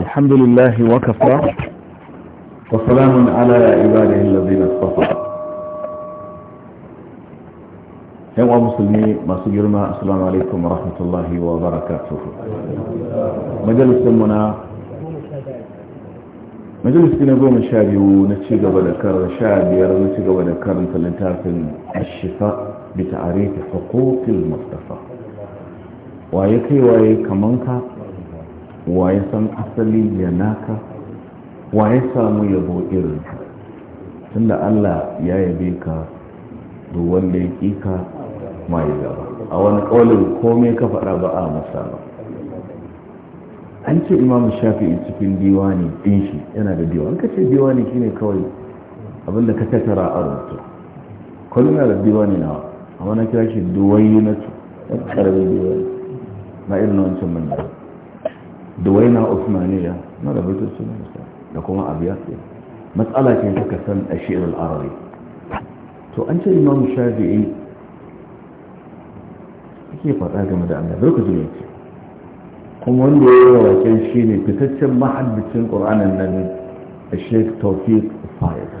الحمد لله وكفى وسلام على عباده الذين اصطفى يا مسلمي ما سجرنا السلام عليكم ورحمة الله وبركاته مجلس منا مجلس نقوم الشابيو نتشيق بذكر شابير نتشيق بذكر لنتافن الشفاء بتعريف حقوق المصطفى ويكي ويكي كمانكا wa ya san asali ya naka wa ya samu yabo ka? tunda Allah ya yabe ka duk wanda ya ƙi ka mai ya gaba a wani ƙaunin komai ka faɗa ba a masa ba an ce imamu shafi'i cikin diwani ɗin shi yana da diwani ka ce diwani shine kawai abinda ka tattara a rubutu kullum yana da diwani nawa wani na kira shi duwayi na su ƙarfi diwani na irin wancan manyan da waina usmaniya na da suna sunna da kuma abiyat matsala ce ta kasan a al-arabi to an ce imam shafi'i yake faɗa game da Allah lokacin ne ce kuma wanda ya yi waken shi ne fitaccen mahaddacin ƙur'anin nan a shek tawfiq fayed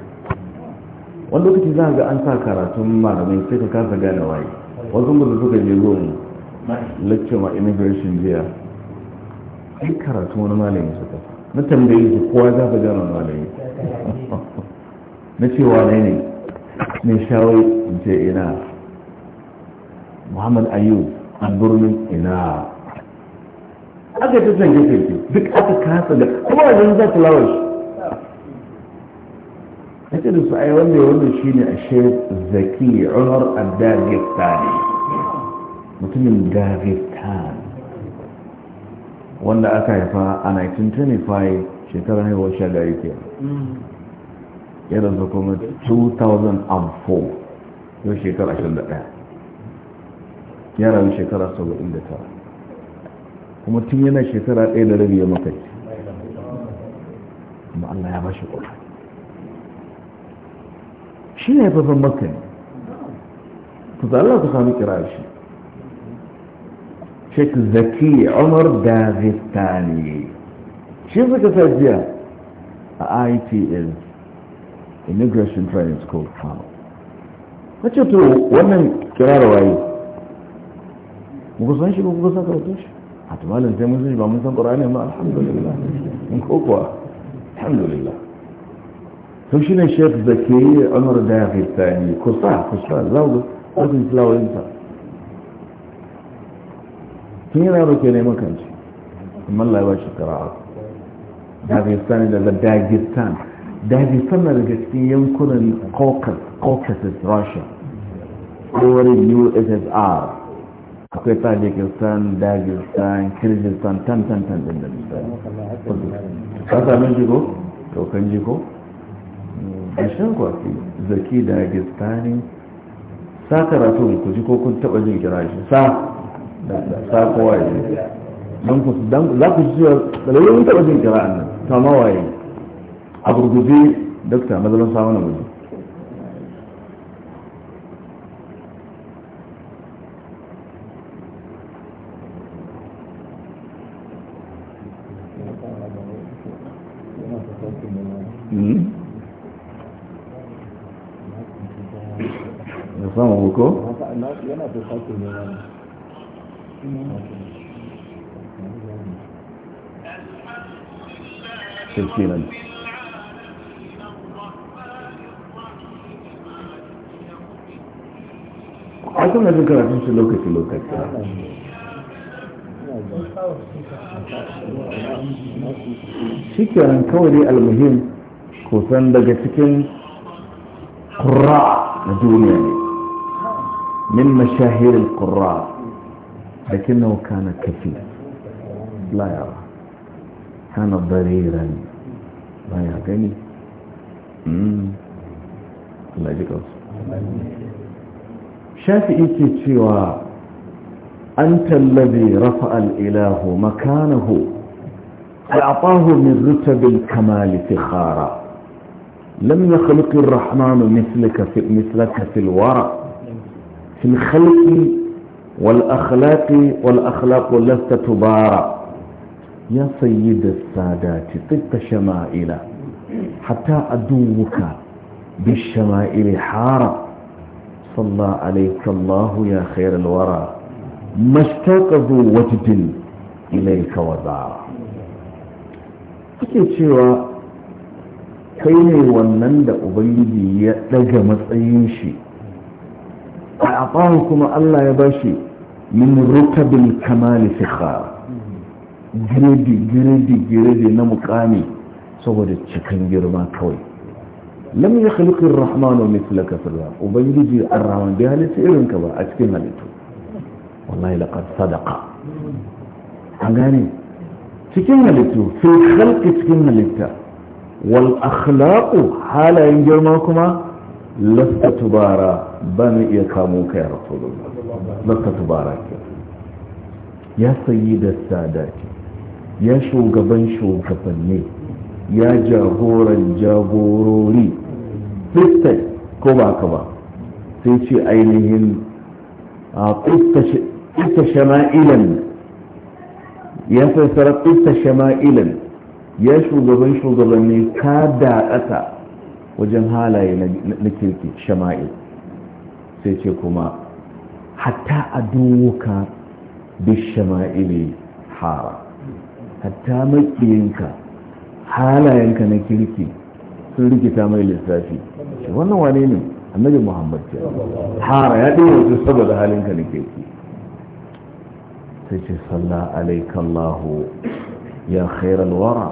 wani lokaci za ga an sa karatun malamin sai ka kasa gane waye wasu mutu suka je zuwa lecture ma immigration jiya ai karatu wani malami su suka na tambayi su kowa za ka gano malami na cewa ne ne mai shawai in ce ina muhammad ayu a birnin ina aka ta canje canje duk aka kasa da kuma wajen za ta lawar shi na ce da su ayi wanda ya wanda shi ne a shek zaki umar al-dagestan mutumin dagestan wanda aka haifa a 1925 shekarar haihuwar shagari ke ya rasu kuma 2004 yau shekara 21 ya rayu shekara 79 kuma tun yana shekara 1 da rabi ya makai kuma Allah ya ba shi ƙwarar shi ne haifafan makai ku zalla ku sami kira shi شيخ زكي عمر داغستاني شو بدك تسجل اي تي از immigration training school fama na ce to wannan kirar waye muku san shi ba muku san karatu shi a tumalin sai mun san shi ba mun san ƙorani ba alhamdulillah in ko kuwa alhamdulillah to shi ne shek zake umar da ya fi tsani kusa kusa zagu wajen fulawoyinsa tun yana roke neman kanci amma Allah ya ba shi kara'a Dagestan da Dagestan Dagestan na daga cikin yankunan Caucasus Russia wurin USSR akwai Tajikistan Dagestan Kyrgyzstan tan tan tan din da misali ka sami jiko to kan jiko a shan kwafi zaki Dagestani sa karatu ku ji ko kun taba jin kira shi sa da kowa ya dan ku dan za ku ji da lura mun taba jin kira'an nan to ma waye a gurguje dakta mazalan samu na mutum ya samu ko? yana da تسليما أتمنى أن تكون شكرا كوري المهم كوثان دقا سكين قراء من مشاهير القراء لكنه كان كثير لا يرى كان ضريرا لا يغني الله يجزاك شافعي تشيوى أنت الذي رفع الإله مكانه وأعطاه من رتب الكمال فخارا لم يخلق الرحمن مثلك في, مثلك في الورى في الخلق والأخلاق والأخلاق لست تبارى يا سيد السادات طب شمائل حتى أدوك بالشمائل حارة صلى عليك الله يا خير الورى ما اشتاق ذو وجد إليك وزارة kake cewa kai ne wannan da ubangiji ya matsayin shi a afahu kuma Allah ya bashi min rukabil kamali sikhar giredi giredi giredi na mukami saboda cikin girma kawai lam ya khaliqi rahmanu mithlaka fil ubangiji ar-rahman bi halitta irin ka ba a cikin halittu wallahi laqad sadaqa an gane cikin halittu fil khalqi cikin halitta wal akhlaqu halayen girma kuma lasta tubara ba mu iya kamo ka ya rasulullah laka tubaraka ya sayi da sadati ya shugaban shugabanni ya jagoran jagorori fistai ko ba ka ba sai ce ainihin a kusta shama'ilan ya fassara kusta shama'ilan ya shugaban shugabanni ka da ƙasa wajen halaye na kirki shama'il sai ce kuma hatta aduka bishama'ili hara hatta makiyinka halayenka na kirki sun rikita mai lissafi wannan wane ne annabi muhammad ce hara ya ɗaya wasu saboda halinka na kirki sai ce salla alaikallahu ya khairal wara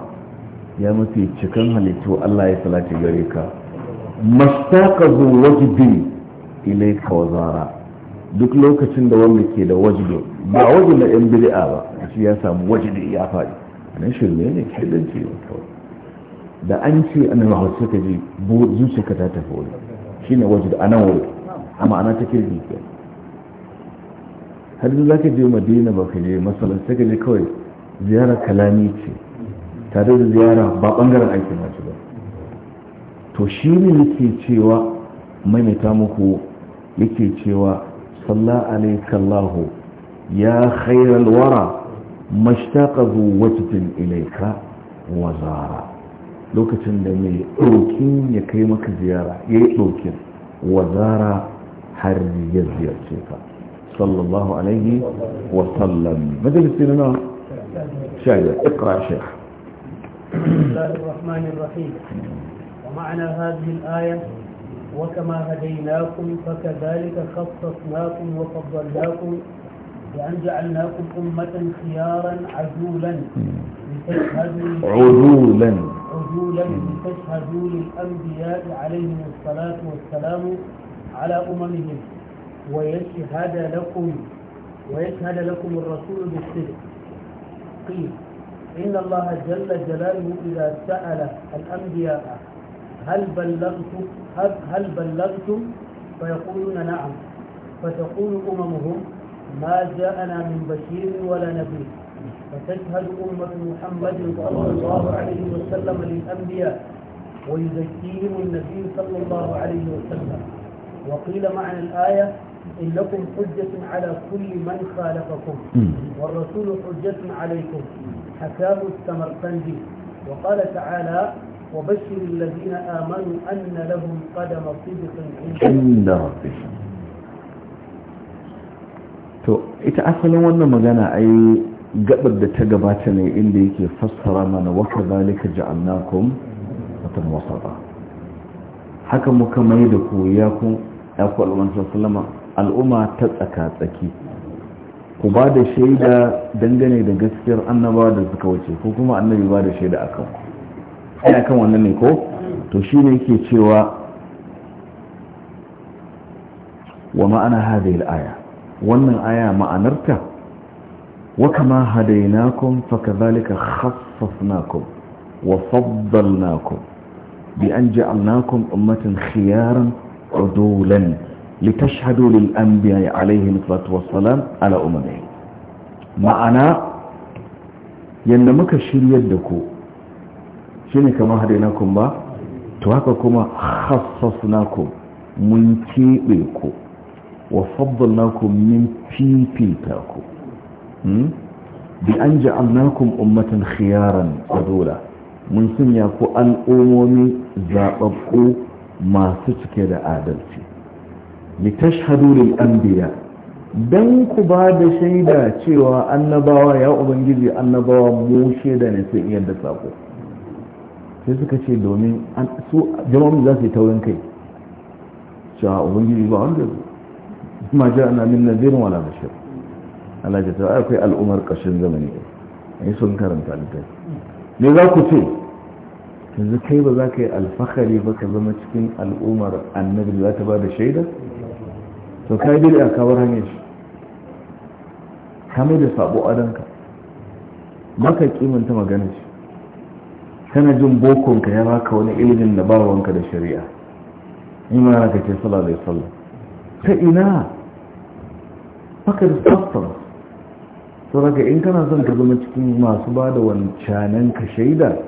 ya mafi cikin halittu allah ya salati gare ka mastaka zuwa wajibin ilaika wa zara duk lokacin da wanda ke da wajibi ba wajen na yan bid'a ba shi ya samu wajibi ya faɗi nan shi ne kaidanci ne kawai da an ce ana ba wasu ka ji zuciyarka ta tafi wani shine wajido a nan wuri amma ana ta kirki ke har za ka je madina ba ka je masalan sai ka je kawai ziyara kalami ce tare da ziyara ba bangaren aikin nasu ba to shi ne yake cewa maimaita muku yake cewa salla alayka Allah ya khairal wara mashtaqa zu wajhin ilayka wa zara lokacin da mai ɗaukin ya kai maka ziyara ya yi ɗaukin wa zara har ya ziyarce ka sallallahu alaihi wa sallam majalisi na nawa شاهد اقرأ شيخ بسم الله الرحمن الرحيم ومعنى هذه الآية وكما هديناكم فكذلك خصصناكم وفضلناكم بأن جعلناكم أمة خيارا عجولا لتشهدوا عجولا عجولا لتشهدوا للأنبياء عليهم الصلاة والسلام على أممهم ويشهد لكم ويشهد لكم الرسول بالصدق قيل إن الله جل جلاله إذا سأل الأنبياء هل بلغتم هل, هل بلغتم فيقولون نعم فتقول أممهم ما جاءنا من بشير ولا نبي فتشهد أمة محمد صلى الله عليه وسلم للأنبياء ويزكيهم النبي صلى الله عليه وسلم وقيل معنى الآية إن لكم حجة على كل من خالفكم والرسول حجة عليكم حكاه السمرقندي وقال تعالى وبشر الذين آمنوا أن لهم قدم صدق عند ربهم to ita asalin wannan magana ai gabar da ta gabata ne inda yake fassara mana wa ka kadhalika ja'alnakum watan wasata haka muka mai da ku ya ku ya ku al'umma al'umma ta tsaka tsaki ku ba da shaida dangane da gaskiyar annaba da suka wuce ko kuma annabi ba da shaida akan ku ana kan wannan ne ko to shine yake cewa wa ma'ana hadhihi al-aya wannan aya ma'anarta wa kama hadainakum fa kadhalika khaffafnakum wa faddalnakum bi an ja'alnakum ummatan khiyaran udulan litashhadu lil anbiya'i alayhim salatu wassalam ala ummihim ma'ana yanda muka shiryar da ku shine kamar hadainakum ba to haka kuma khassasnakum mun keɓe ku wa faddalnakum min fifita ku hmm? bi an ja'alnakum ummatan khiyaran qadula mun sanya ku al'umomi zaɓaɓɓu masu cike da adalci li tashhadu lil anbiya dan ku ba da shaida cewa annabawa ya ubangiji annabawa mu shaida ne sun yadda sako sai suka ce domin an su jama'un za su yi taurin kai cewa ubangiji ba wanda ma ja ana min nazirin wala bashir Allah ya tawa akwai al'umar ƙashin zamani ne. yi sun karanta littafi ne za ku ce yanzu kai ba za ka yi alfahari ba ka zama cikin al'umar annabi da za ta ba da shaida to ka yi biri a kawar hanyar shi ka mai da sabo adonka maka kimanta magana shi kana jin bokonka ya baka wani ilimin da bawanka da shari'a in ma ka ce sala da sallah ta ina baka da tsaftar sauraka in kana son ka zama cikin masu ba da wancanen ka shaida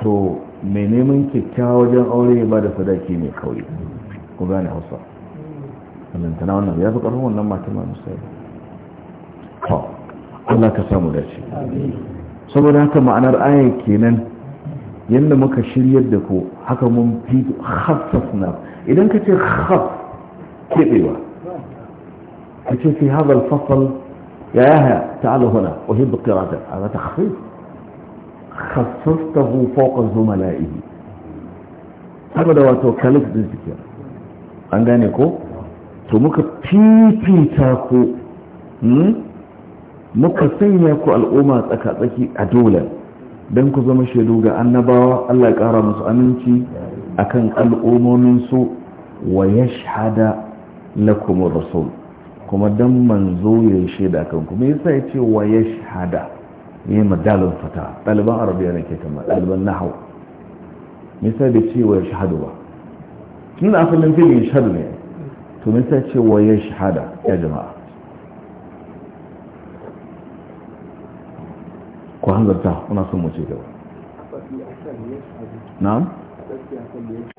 to mai neman kyakkyawa wajen aure ba da sadaki mai kawai ku gane hausa alintana wannan ya fi ƙarfin wannan matan ma musayi Allah ka samu dace. Amin. saboda haka ma'anar aya kenan yadda muka shiryar da ku haka mun fi khassasna idan ka ce khass kebewa ka ce fi hadha al-fasl ya yahya ta'ala huna uhibbu qira'ata hada takhfif khassastahu fawqa zumala'ihi saboda wato kalif din suke an gane ko to muka fifita ku muka sanya ku al'umma tsakatsaki a dole don ku zama shaidu ga annabawa Allah ya ƙara musu aminci a kan al'ummominsu wa ya shahada na kuma rasul kuma don manzo ya yi shaida kan kanku me yasa ce wa ya shahada yi madalin fata ɗaliban arabiya na ke kama ɗaliban nahawu me yasa da ce wa ya shahada? ba tun asalin filin shahada ne to me yasa ce wa ya shahada ya jama'a ku hanzarta muna son mu ce gaba na'am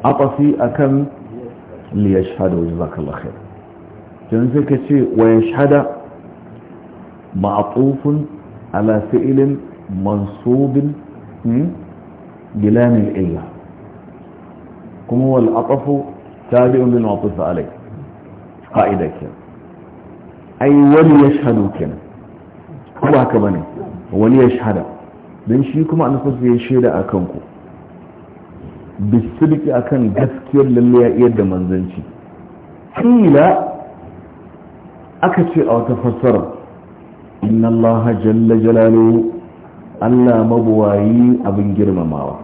aqasi akan li yashhadu jazakallahu khair dan sai ka ce wa yashhada ma'tufun ala fi'lin mansubin bilan al-illa kuma wal aqfu tabi'un bil ma'tuf alayh qa'ida kenan ay wal yashhadu kenan ko haka bane wani ya shahada don shi kuma an fasa ya shaida a kanku bisirki a kan gaskiyar lalle ya iya da manzanci kila aka ce a wata fassara inna allaha jalla jalalu allah mabuwayi abin girmamawa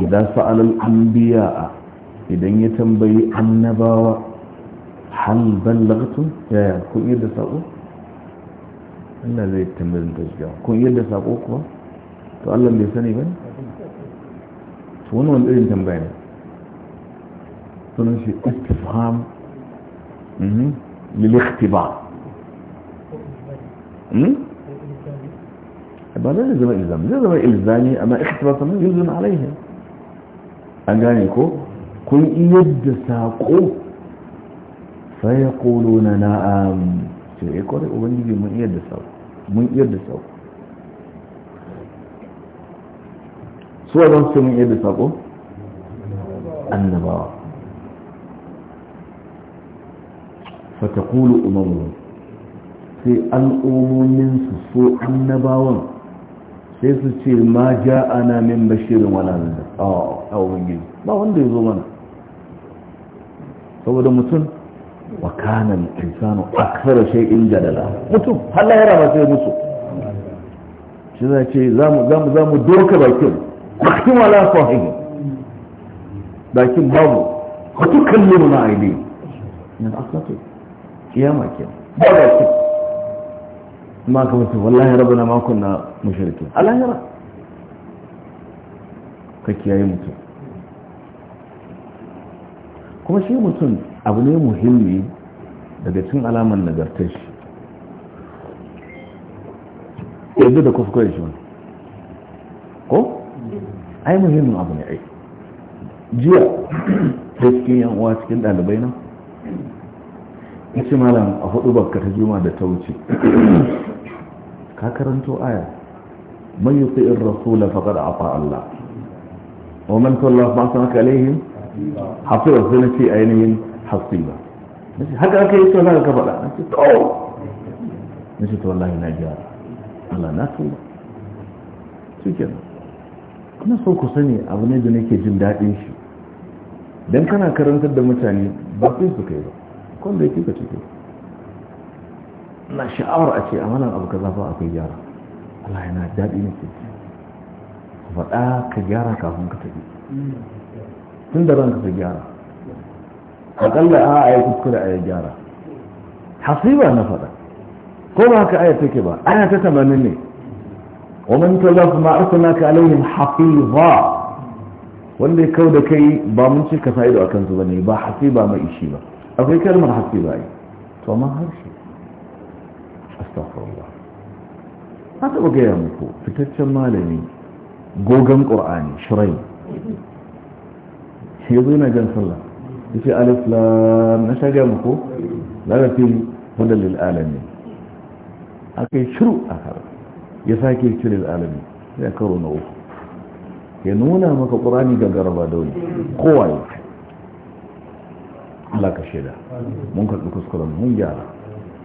idan sa'alal anbiya'a idan ya tambayi annabawa hal ballagtum ya kun yadda sako ina zai tambayin tashiya kun yadda sako kuwa to allah bai sani ba to wani wani irin tambaya ne sunan shi istifham lilikhtiba ba zai zama ilzami zai zama ilzami amma ikhtiba saman yuzun alaihi an gane ko kun yadda sako sai ya kolo na na'am sai ya kore ubangiji mun yadda sako mun iya da sako su a zan su mun iya da sako annabawa fatakulu sai al'ummomin su so annabawan sai su ce ma ja ana min bashirin wala nan da a ba wanda ya zo mana saboda mutum wa kana al-insanu akthara shay'in jadala mutum har lahira ba sai musu shi zai ce zamu zamu zamu doka bakin bakin wala sahihi bakin babu wa tukallimu na aini nan asatu kiyama ke ba bakin ma ka mutu wallahi rabbana ma kunna mushrikin a lahira ka kiyaye mutum kuma shi mutum abu ne muhimmi daga cin alamar nagartar shi yanzu da kuskure shi wani ko? ai muhimmin abu ne ai jiya ta cikin yan uwa cikin ɗalibai nan ya malam a hudu baka ta juma da ta wuce ka karanto aya man rasu rasula faqad a Allah wa man tawalla masu sanaka alaihim hasiba sai na ce ainihin hasiba na ce haka aka yi to na ka faɗa na ce to oh. na ce tsawon lahi na gyara Allah na su ke na. kuma so ku sani abu ne da nake jin daɗin shi don kana karantar da mutane ba su su kai ba kwan da yake ka cike na sha'awar a ce a manan abu ka ba akwai gyara Allah yana daɗi nake faɗa ka gyara kafin ka tafi tun da ranka ka gyara akalla a a yi kuskure a yi gyara hasiba na faɗa ko ba haka aya take ba aya ta tamanin ne wa man kallafa ma arsalnaka alaihim hafiza wanda ya kau da kai ba mun ce ka fa'ido a kansu ba ne ba hasiba mai ishi ba akwai kalmar hasiba yi to ma harshe astaghfirullah na taɓa gaya muku fitaccen malami gogan qur'ani, shirai shi ya zo yana jan sallah ya ce alislam na shaga muku larafin hudan lil'alami aka yi shiru a har ya sake ci lil'alami ya karo na uku ya nuna maka ƙurani ga garba wani kowa ya ce Allah ka shaida mun karɓi kuskuren mun gyara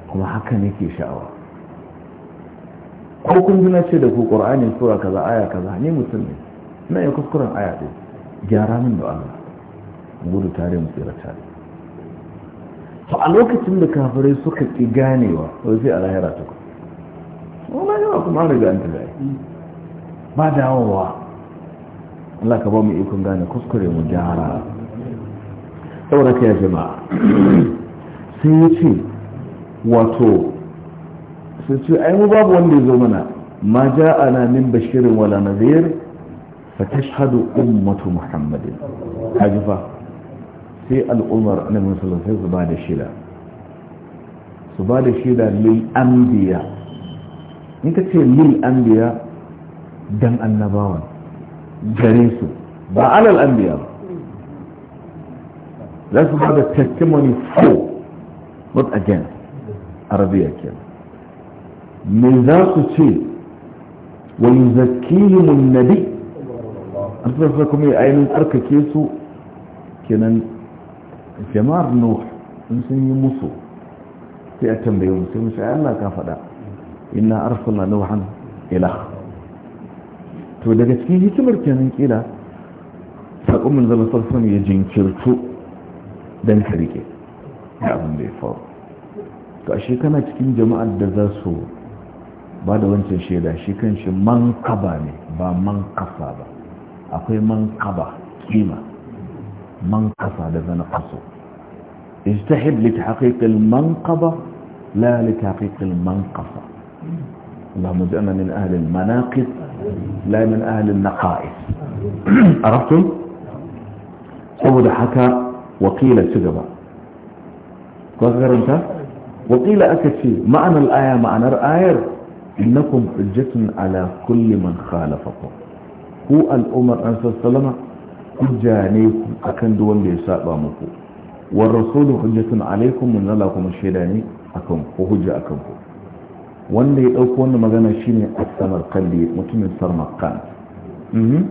kuma haka ne ke sha'awa ko kun zina ce da ku ƙur'ani sura kaza aya kaza ne mutum ne ina yi kuskuren aya ɗin gyara min da Allah gudu tare mu tsira tare to a lokacin da kafirai suka ki ganewa wai sai a lahira ta kuma wani yawa kuma an riga an ta gaya ba dawowa Allah ka ba mu ikon gane kuskure mu gyara saboda ka ya jama'a sai ya ce wato sai ce ai mu babu wanda ya zo mana ma na min bashirin wala nazir fa tashhadu ummatu muhammadin hajifa sai al'umar na musulun sai su ba da shida su ba da shida lil anbiya in ka ce lil anbiya dan annabawan gare su ba alal anbiya ba za su ba da testimony for not again arabiya ke me za su ce wa yuzakkihim mun nabi an kuma yi ainihin tsarkake su kenan jama'ar nuh sun sun yi musu sai a tambaye musu sai ya Allah ka faɗa inna arsalna nuhan ila to daga cikin hikimar kenan kila sakon mun zama sarfan ya jinkirtu dan ka rike ya abin da ya faru to a kana cikin jama'ar da za su ba da wancan shaida shi kan shi man kaba ne ba man kafa ba akwai man kaba kima منقصة لذن قصو اجتهد لتحقيق المنقبة لا لتحقيق المنقصة اللهم اجعلنا من اهل المناقص لا من اهل النقائص عرفتم سود حكى وقيل سجبا كثر انت وقيل اكثي معنى الايه معنى الايه انكم حجه على كل من خالفكم هو الامر ان صلى الله hujja ne akan duk wanda ya saba muku war rasulu hujjatun alaikum mun Allah kuma shaida ne akan ko hujja ku wanda ya ɗauko wannan magana shine as kalli mutumin samarqand mhm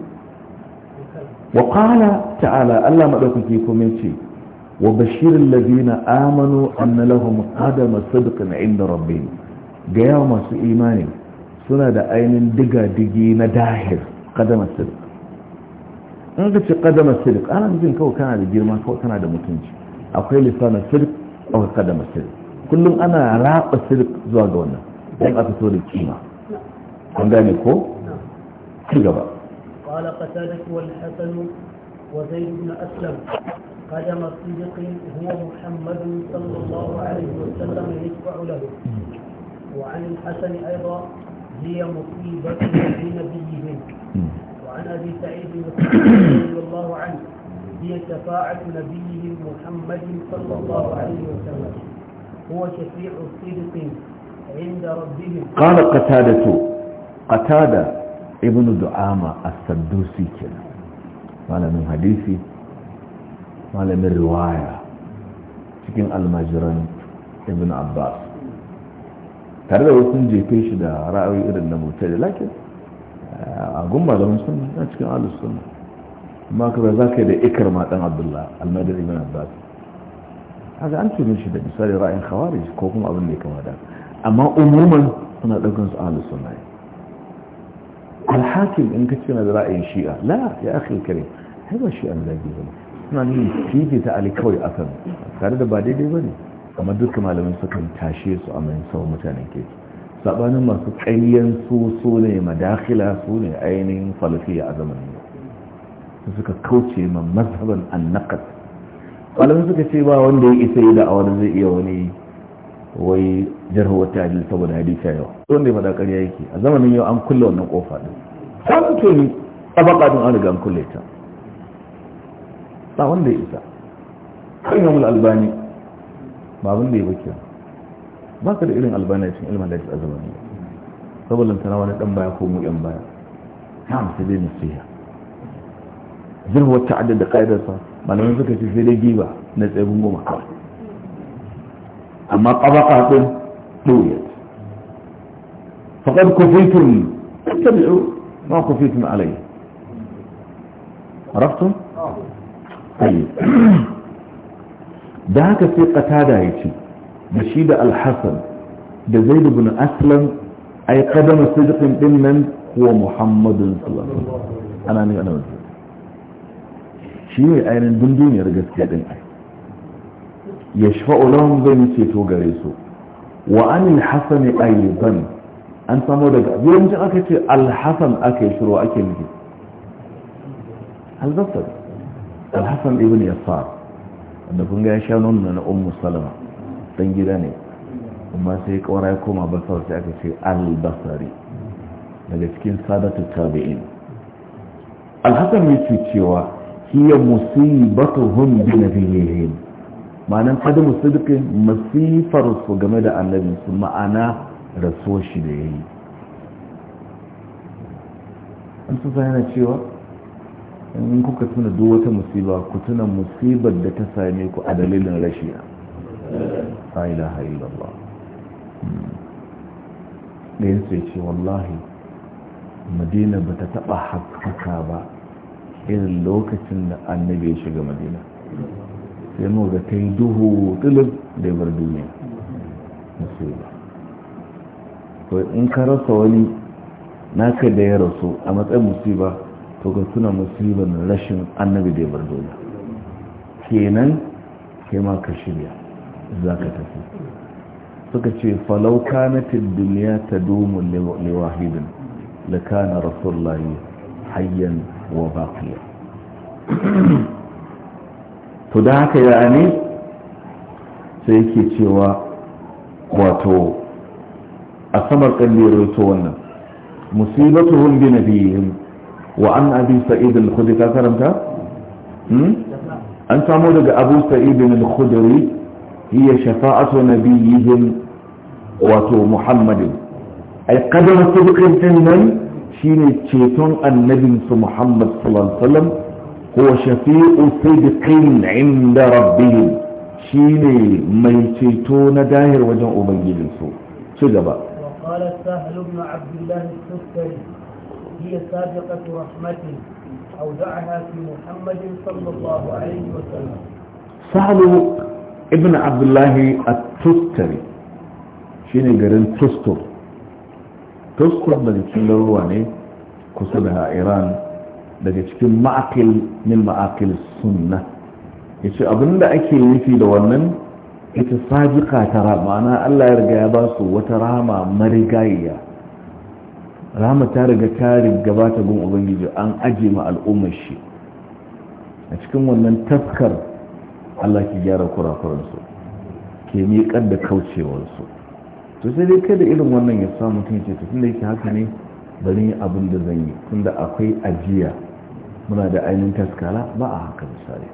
wa qala ta'ala Allah madaukaki kuma ce. wa bashirin ladina amanu anna lahum qadama sidqin 'inda rabbihim ga yawa masu imani suna da ainin diga digi na dahir qadama sidq in ka ce kadama sirik ana nufin kawai kana da girma kawai kana da mutunci akwai lissanin sirik akwai kadama sirik kullum ana raba sirik zuwa ga wannan don aka so da kima an gane ko ci gaba قال قتادة والحسن وزيد بن أسلم قدم الصديق هو محمد صلى الله عليه وسلم يتبع له وعن الحسن أيضا هي مصيبة لنبيهم عن أبي سعيد رضي الله عنه هي شفاعة نبيه محمد صلى الله عليه وسلم هو شفيع الصدق عند ربهم قال قتادة قتادة ابن دعامة السدوسي كده قال من حديثي قال من رواية cikin almajiran ibn abbas tare da wasu jefe shi da ra'ayoyi irin na mutai da lakin a gun malamin na cikin ahlus sunna amma kaza za ka yi da ikar ma dan abdullah almadani ibn abbas haka an tunin shi da misali ra'ayin khawarij ko kuma abin da ya kama da amma umuman suna ɗaukar su na yi. Alhakin in ka ce na da ra'ayin shi'a la ya yi kare haifar ba shi'a zagi zama suna nuna ta ali kawai akan tare da ba daidai ba ne. amma dukkan malamin sukan tashe su a mai sauran mutanen keji sabanin masu ƙayyan su su ne madakila su ne ainihin falafiya a zamanin su suka kauce ma mazhaban annakat malamin suka ce ba wanda ya isa yi da awar zai iya wani wai wata tajil saboda hadisha yau wanda ya madakar ya yake a zamanin yau an kulle wannan kofa ɗin samun tuni tabaka don an riga an kulle ta ba wanda ya isa kan yamul albani ba abin da ya bakiya ba ka da irin albaniya cikin ilmin da ya a zamani saboda tana wani dan baya ko mu yan baya na sai dai nasiha zirwar ta'adda da ƙa'idarsa malamai suka ce sai dai giba na tsayin goma kawai amma ƙabaka ɗin ɗoyar faƙad kufaitun tabi'u ma kufaitun alai raftun? ayi da haka sai ƙata da ya ce da shi da alhassan da zai da bin aslan a ai kadama sidikin din nan kuwa muhammadun sallallahu ana ne ana wasu shi ne ainihin dunduniyar gaske din ai ya shafa'u lahum zai yi ceto gare su wa anil hasani ayyuban an samo daga yawancin aka ce alhassan aka yi shirwa ake nufi al-basar alhassan ibn yasar da kun ga ya sha nuna na ummu salama dan gida ne amma sai kawara ya koma basar sai aka ce albasari daga cikin sadatu tabi'in ya ce cewa hiya musibatuhum bi nabiyihim ma'anan kadamu sidqin masifar su game da annabi su ma'ana raso shi da yayi an su yana cewa in kuka tuna duk wata musiba ku tuna musibar da ta same ku a dalilin rashiya la ilaha illallah ɗayan sai ce wallahi madina ba ta taɓa haka ba irin lokacin da annabi ya shiga madina sai muga ta yi duhu tulub da bar duniya ba to in ka rasa wani naka da ya rasu a matsayin musiba to ka tuna musibar rashin annabi da ya bar duniya kenan kai ma ka shirya za ka tafi suka ce falau kanatin duniya ta domin liwahidin da kana rasulullahi hayyan wa baqiya to da haka ya ne sai ke cewa wato a samar kan wato wannan musibatuhum bi nabiyihim wa an abi sa'id al ka karanta hmm? an samu daga abu sa'id al هي شفاعة نبيهم واتو محمد أي قدم صدق الجنة شين الشيطان النبي محمد صلى الله عليه وسلم هو شفيع صدق عند ربهم شين ميتيتون داهر وجن أبيل شو جبا وقال سهل بن عبد الله السكري هي سابقة رحمة أودعها في محمد صلى الله عليه وسلم سهل ibn abdullahi a tustari shi ne garin tustur tustur daga cikin garuruwa ne kusa da iran daga cikin ma'akil min ma'akil sunna ya ce abinda ake nufi da wannan ita sabiqa ta ma'ana allah ya riga ya ba su wata rama marigayya Rama ta riga ta gabata gun ubangiji an aji ma al'ummar shi a cikin wannan tafkar Allah ki gyara kurakuransu ke miƙar da kaucewarsu to sai dai kai da irin wannan ya samu mutum ce tun da yake haka ne bari yi abin da zan yi tun da akwai ajiya muna da ainihin taskara ba a haka misali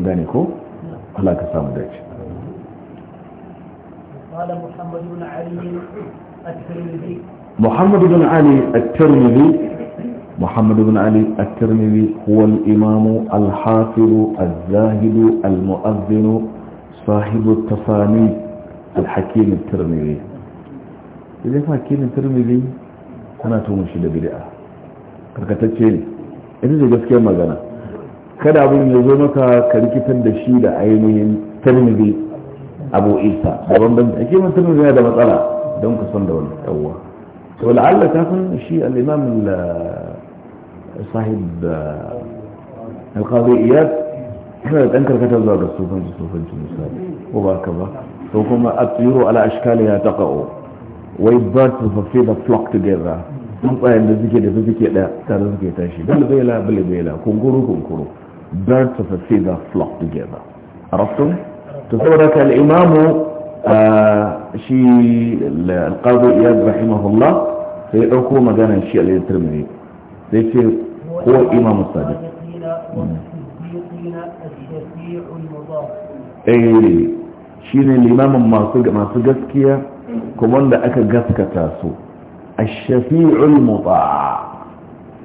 gane ko Allah ka samu dace Muhammadu محمد Ali علي tirmidhi محمد بن علي الترمذي هو الإمام الحافظ الزاهد المؤذن صاحب التصانيف الحكيم الترمذي إذا حكيم الترمذي أنا تومشي لبدعة karkatacce ne ita ce gaskiyar magana kada abin ya zo maka ka rikitar da shi da ainihin tarmizi abu isa da bambanci ake mai tarmizi da matsala don ka san da wani to la'alla ta san shi صاحب آه، القضيئيات كانت أنكر كتب ذلك الصوفنج الصوفنج المسال وباكبا فهما أطيروا على أشكالها تقعوا ويبارت في the flock together من قائل لذيكي لذيكي لا تارذيكي تاشي بل بيلا بل بيلا كنكرو كنكرو birds of a feather flock عرفتم؟ تصورك الإمام آه، شي القاضي إياد رحمه الله سيأكو مجانا الشيء اللي يترمي sai ce ko imam sadiq eh ne limamin masu gaskiya kuma wanda aka gaskata su ash-shafi'ul muta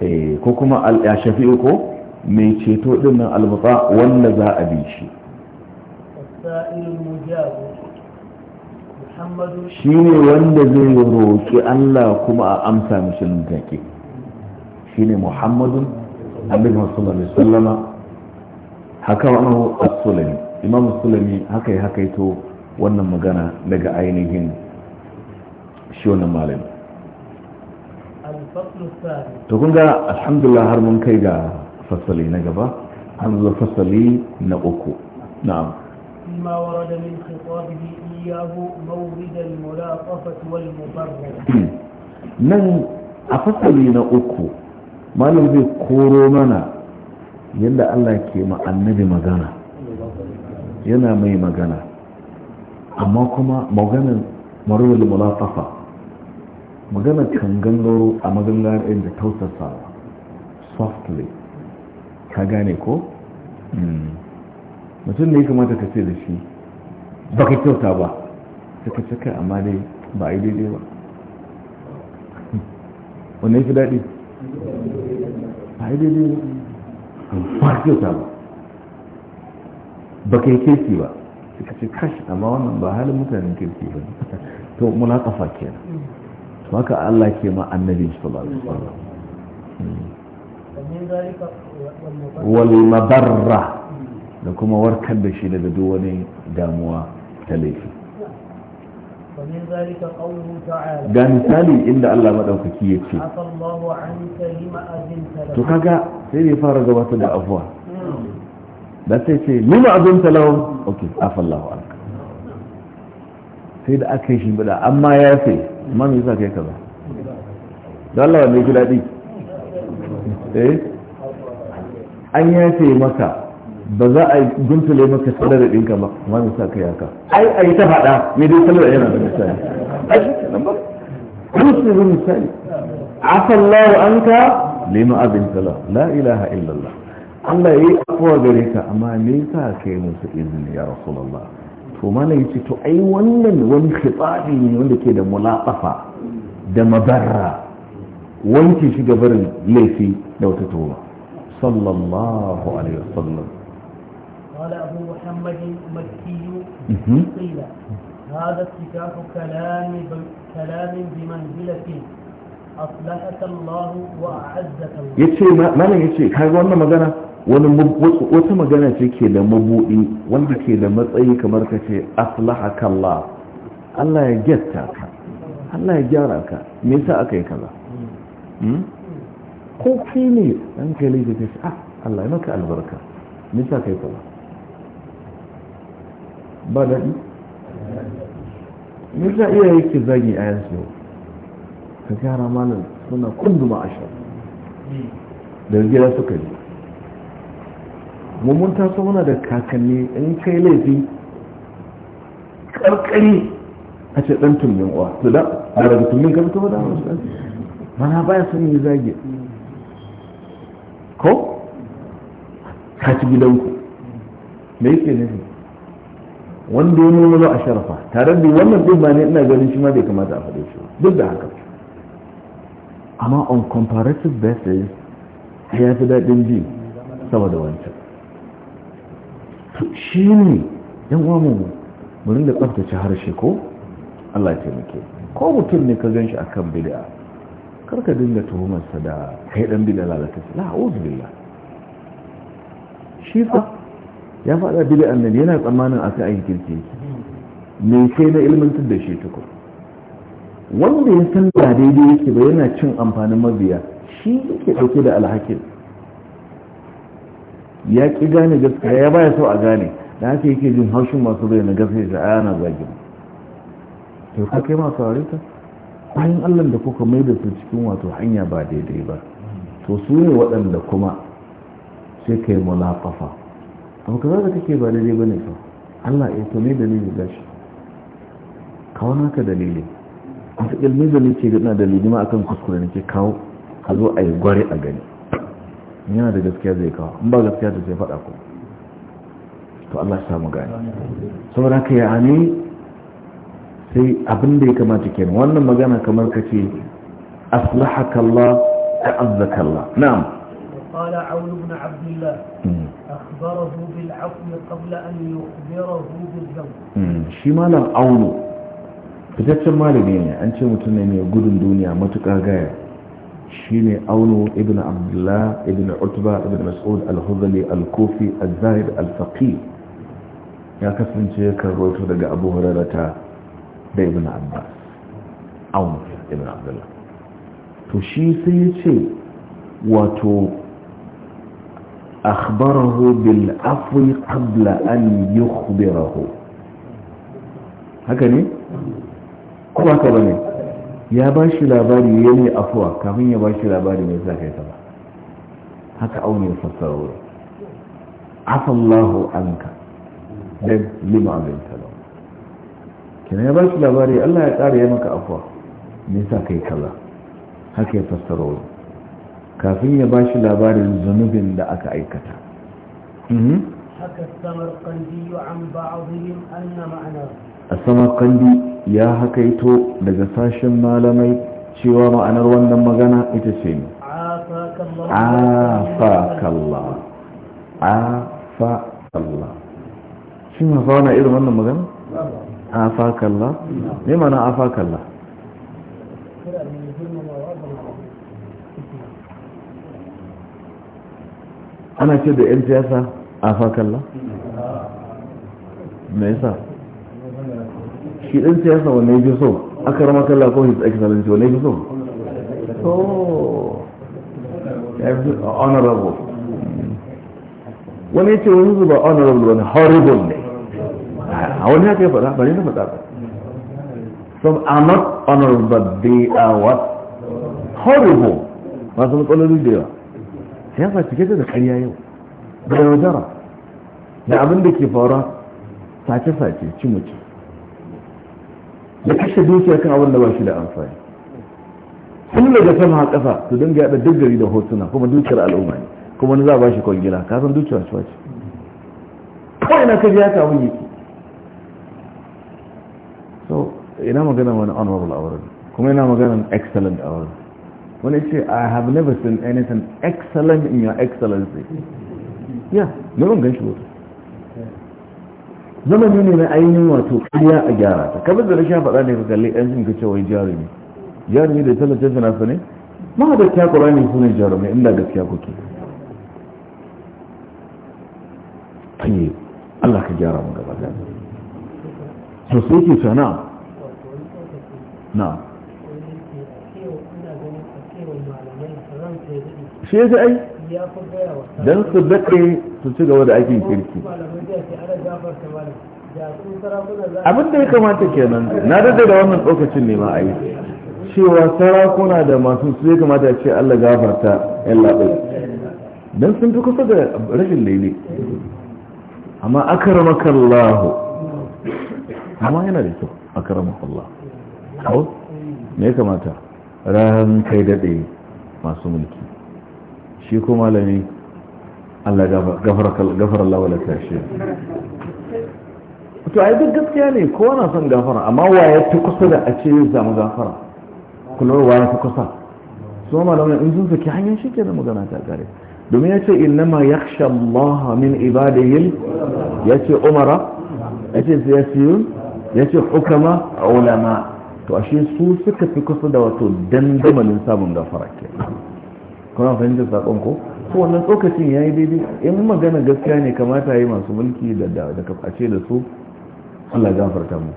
eh ko kuma a shafiu ko mai ceto din nan al wanda za a bi shi shi ne wanda zai roƙi Allah kuma a amsa mishi nan take shine muhammadun annabi sallallahu alaihi haka wani as-sulami imam sulami haka yi haka to wannan magana daga ainihin shi malam. malami to kun ga alhamdulillah har mun kai ga fasali na gaba alhamdulillah fasali na uku na'am فيما ورد من خطابه إياه مورد الملاطفة والمبرر malam zai koro mana yadda Allah ke ma'annabi magana yana mai magana amma kuma maganin marubin mulafafa Magana kan gangaro a maganganar da tausasawa softly ka gane ko hmm. mutum ne kamata ka ce da shi ba ka kyauta ba suka cika amma dai ba a yi daidai ba ya fi daɗi a yi daidai ba ba ba kirki ba suka ce kashi amma wannan ba halin mutanen kirki ba to munakafa kenan to haka Allah ke ma annabi hmm. wal mabarra da kuma warkar da shi daga duk wani damuwa ta laifi ga misali inda Allah maɗaukaki ya ce to kaga sai ne fara gabatar da afuwa hmm. da sai ce nuna abin talawun ok afallahu anka sai da aka yi shimbiɗa amma ya fi amma mai sa kai kaza da Allah wanda ya ji daɗi eh an ya ce maka ba za a guntule maka salar da ɗinka ba amma mai sa kai haka ai a yi ta faɗa me dai da yana da misali ai shi kenan ba ne misali afallahu anka lima abin sala la ilaha illallah Allah ya yi afuwa gare ka amma me yasa kai musu izini ya rasulullah to mana yace to ai wannan wani khitabi ne wanda ke da mulafafa da mabarra wanke shi barin laifi da wata tuhuma. sallallahu alaihi wasallam قيل هذا اتكاف كلام كلام بمنزلة أصلحك الله وأعزك الله يتشي ما لا يتشي هاي وانا مغانا wata magana ce ke da mabuɗi wanda ke da matsayi kamar ka ce aslaha kalla Allah ya gyatta ka Allah ya gyara ka me yasa aka yi kaza ko kai dan kai ah Allah ya maka albarka me yasa kai kaza ba daɗi ne za iya yi ki zagi a yansu ka gyara malam suna kunduma sha. da gida suka yi mummun taso mana da kakanni in kai laifi karkari a ce ɗan tumbin uwa su da a daga tumbin ka fito da wasu mana baya son yi zage ko ka ci gidanku me yake nufi wanda ya nuna zo a sharafa tare da wannan din ba ne ina ganin shi ma bai kamata a faɗe shi duk da haka amma on comparative basis ya fi daɗin ji saboda da wancan shi ne yan wamu mu rinda tsaftace harshe ko Allah ya taimake ko mutum ne ka gan shi akan bid'a kar ka dinga tuhumarsa da kai dan bid'a lalata la a'udhu billah shi fa ya faɗa bile annabi yana tsammanin a kan kirki mai kai na ilmantar da shi tukur wanda ya san da daidai yake ba yana cin amfanin mabiya shi yake ɗauke da alhakin ya ki gane gaskiya ya baya so a gane da haka yake jin haushin masu bai na gaskiya da ana zagi to ka kai masu harita bayan allah da kuka mai da su cikin wato hanya ba daidai ba to su ne waɗanda kuma sai kai mulafafa abu kaza da kake ba daidai bane fa Allah ya eh, to me dalili gashi kawo naka dalili wata ilmi da ce na dalili ma akan kuskure ke kawo a zo a yi gwari a gani yana da gaskiya zai kawo in ba gaskiya da zai faɗa ku to Allah ya samu gani saboda ka ya ani sai abin da ya kamata kenan wannan magana kamar kace aslahaka Allah ta'azzaka Allah na'am قال عون بن عبد الله أخبره بالعفو قبل أن يخبره بالذنب شي مالا عون fitaccen malami ne an ce mutum ne mai gudun duniya matuƙa gaya shi ne auno ibn abdullah ibn utba ibn mas'ud al-huzali al-kufi al-zahid al-faqi ya kasance kan roto daga abu hurarata da ibn abbas auno ibn abdullah to shi sai ya ce wato akhbarahu bil afwi qabla an yukhbirahu haka ne ko haka ya ba shi labari ya ne afuwa kafin ya ba labari mai sa kai haka aune fassara wuri afallahu anka da ya ba labari Allah ya tsara ya maka afuwa kai kaza fassara kafin ya ba shi labarin zunubin da aka aikata mhm. a sama kandi ya haƙaito daga sashen malamai cewa ma'anar wannan magana ita ce ne fa kalla. shi mafa wani irin wannan magana kalla. ne mana kalla. ana ce da 'yan siyasa a fakalla me sa shi ɗin siyasa wanne ya fi so aka rama kalla ko his excellence wanne ya fi so so honorable wani ya ce wani zuba honorable wani horrible ne a wani haka ya faɗa ba ne na faɗa ba so are not honorable but they are what horrible masu matsaloli da yawa siyasa cike da karya yau da yaudara da abin da ke faruwa sace-sace ci mace da kashe dukiya kan abin da ba shi da amfani sun ga sama kasa ƙasa su dinga yada duk gari da hotuna kuma dukiyar al'umma ne kuma wani za a ba shi kwangila ka san dukiyar shi wace kawai na kaji ya kawo yake so ina magana wani honorable award kuma ina magana excellent award wani ce i have never seen anything excellent in your excellency ya yawan gan shi wato zamani ne na ainihin wato kariya a gyara ta kamar da rashin faɗa ne ka kalli yan jin kace wai jarumi jarumi da talata jana su ne ma da kya ƙorani su ne jarumi inda gaskiya kuke tayi Allah ka gyara mu gaba gaba sosai sai ke sana na shi ya ji ai don su daɗe su ci gaba da aikin kirki abin da ya kamata kenan na daɗe da wannan ɗaukacin ne ma a yi cewa sarakuna da masu su ya kamata ce Allah gafarta yan laɓai don sun fi kusa da rashin laili amma kallahu. amma yana da kyau akaramakallahu hau ne kamata ran kai daɗe masu mulki shi ko malami Allah gafara Allah wala tashi to ai duk gaskiya ne ko na son gafara amma ya ta kusa da a ce zai samu gafara kuma ya ta kusa so malamai in sun saki hanyar shi ke da magana ta kare domin ya ce innama yakhsha Allah min ibadihi ya ce umara ya ce siyasiyun ya ce hukama ulama to ashe su suka fi kusa da wato dandamalin samun gafara ke kuma da sakon ko ko wannan tsokacin ya yi daidai in magana gaskiya ne kamata ya yi masu mulki da a ce da su allah farta mu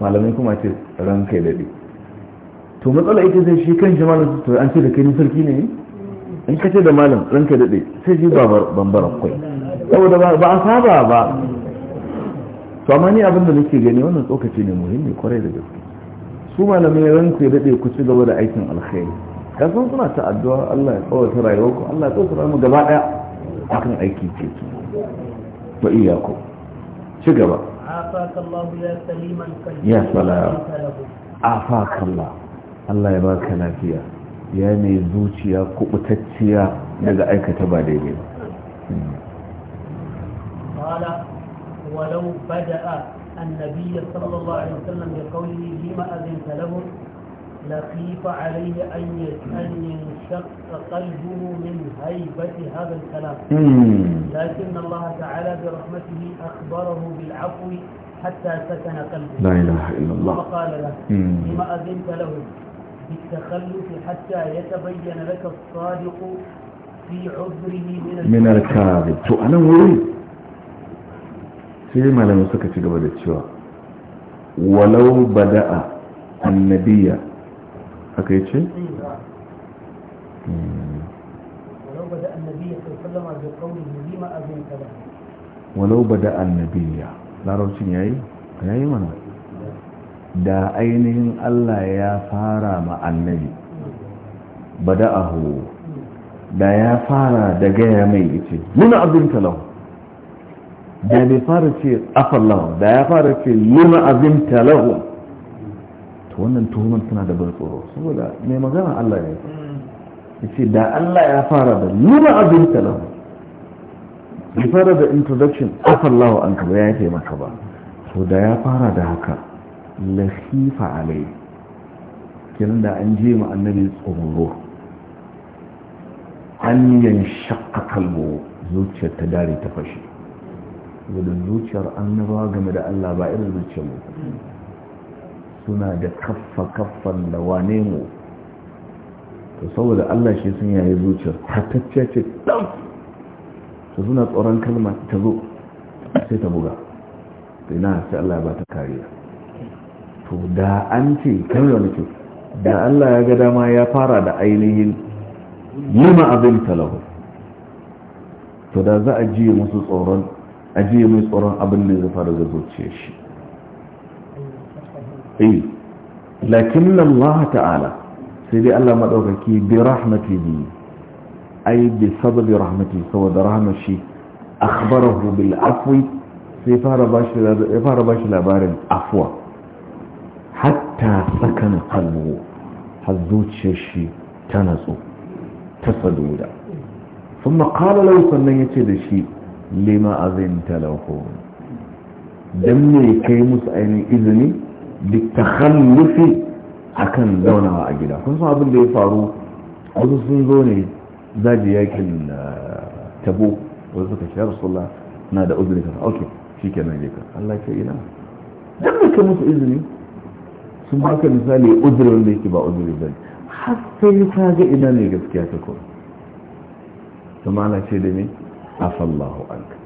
malamai kuma ce ran kai daɗe to matsala ita zai shi kan shi malam to an ce da kai sarki ne in ka ce da malam ran kai daɗe sai shi bambara kai saboda ba a saba ba to amma ni abin da nake gani wannan tsokaci ne muhimmi kwarai da gaske su malamai ran kai daɗi ku ci gaba da aikin alkhairi kasan suna ta addu'a Allah ya tsawata rayuwarku Allah ya tsawata mu gaba daya akan aikin kirki wa iyaku ci gaba ya salam afaka Allah Allah ya baka lafiya ya ne zuciya kubutacciya daga aikata ba daidai ba qala walau bada'a annabi sallallahu alaihi wasallam bi qawlihi lima azinta lahum لطيف عليه أن أن ينشق قلبه من هيبة هذا الكلام لكن الله تعالى برحمته أخبره بالعفو حتى سكن قلبه لا إله إلا الله وقال له لما أذنت له بالتخلف حتى يتبين لك الصادق في عذره من, من الكاذب تو أنا وري ما لم يسكت ci قبل da cewa walau haka ce? walau da annabiya larabcin ya yi mana da ainihin Allah ya fara ba da aho. da ya fara da gaya mai ice Nuna abin talahu da bai fara ce afallahu da ya fara ce nuna abin talahu to wannan tuhumar tana da ban tsoro saboda mai magana Allah ne ya ce da Allah ya fara da nuna abin talahu ya fara da introduction lawa an ka ba ya ce maka ba to da ya fara da haka lafifa alai kiran da an je ma annabi tsoro an yin shakka kalbo zuciyar ta dare ta fashe wadda zuciyar annabawa game da Allah ba irin zuciyar mu suna da kaffa kaffan da wane mu to saboda Allah shi sun yayi zuciyar tatacce ce dam to suna tsoron kalma ta zo sai ta buga sai na sai Allah ba ta kariya to da an ce wani ce. da Allah ya ga dama ya fara da ainihin yima abin talahu to da za a jiye musu tsoron ajiye mai tsoron abin da ya fara ga zuciyar shi eh lakin Allah ta'ala sai dai Allah madaukaki bi rahmatihi ai bi sababi rahmatihi saboda rahmar shi akhbarahu bil afwi sai fara bashi ya fara bashi labarin afuwa. hatta sakana kalmu, har zuciyar shi ta natsu ta saduda ثم قال له sannan yace da shi lima azinta lahu dan me kai musu ainihin izini bitakhallufi akan zaunawa a gida kun san abin da ya faru wasu sun zo ne zaji yakin tabo wasu suka shi rasulullah na da uzuri ka ok shi ke nan ka Allah ke ina dan da ka musu izini sun ka misali uzuri wanda yake ba uzuri bane har sai ka ga ina ne gaskiya ta ko kuma Allah ce da ni afallahu anka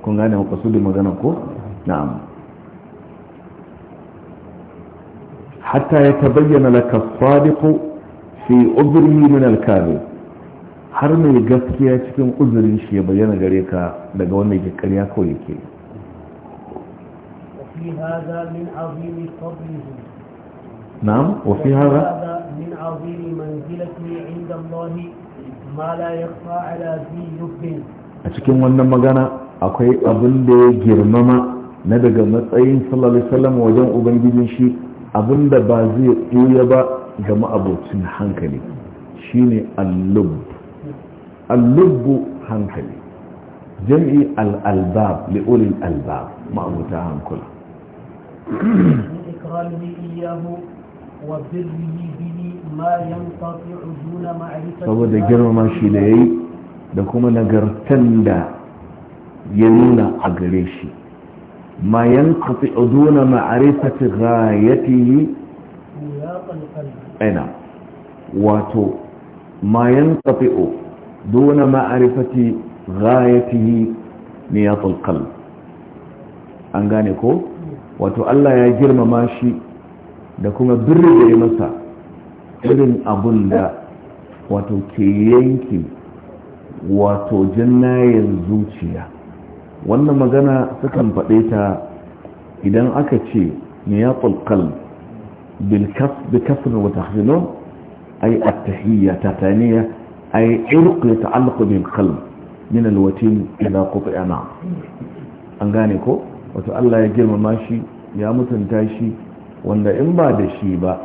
kun gane da magana ko na'am hatta ya tabayyana laka sadiqu fi uzrihi min al har mai gaskiya cikin uzurin shi ya bayyana gare ka daga wanda ke karya ko yake نعم وفي هذا من عظيم منزلته عند الله ما لا يخفى على ذي يقين a cikin wannan magana akwai abin da ya girmama na daga matsayin sallallahu alaihi wasallam wajen ubangijin shi abinda ba zai ɓuya ba ga ma'abocin hankali shine allub allubu hankali jam'i al'albab li'ulil albab ma'abuta hankula saboda girmama shi da ya yi da kuma nagartan da ya nuna a gare shi ما ينقطع دون معرفة غايته أنا واتو ما ينقطع دون معرفة غايته نياط القلب أنغانيكو واتو ألا يجرم ماشي دكما برد مسا إذن أبن لا واتو كيينكي واتو jannayen zuciya wannan magana sukan faɗe ta idan aka ce niyatul qalb bil kasr bi kasr wa tahzinun ay at-tahiyya tataniya ay irq yata'allaqu bil qalb min al-watin ila qut'a an gane ko wato Allah ya girmama shi ya mutunta shi wanda in ba da shi ba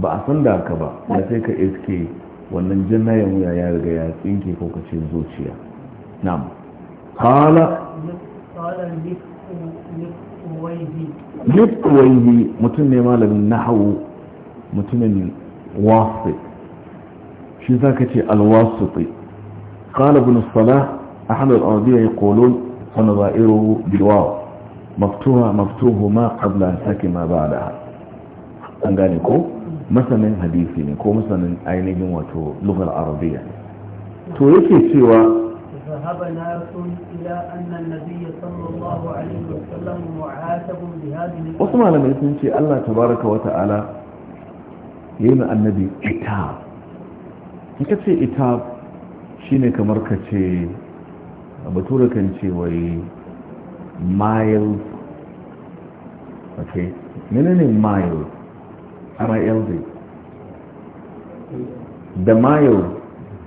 ba a san da ba da sai ka iske wannan jannayen wuya ya riga ya tsinke ko kace zuciya na'am قال لك لطويه متن ما لم نحو متن واسط شي ذاك ce alwasiti قال ابن الصلاح أحد الأرضية يقولون فنظائره بالواو مفتوها مفتوه ما قبل ان ساكن ما بعدها أنقانيكو مثلا حديثي كو مثلا أينجم وتو لغة العربيه تو يكي سيوا Wasu malamai sun ce النبي صلى الله عليه وسلم معاتب بهذه وسمع لما يسمى الله تبارك وتعالى shine kamar ka ce batura kan ce wai miles ok menene miles da miles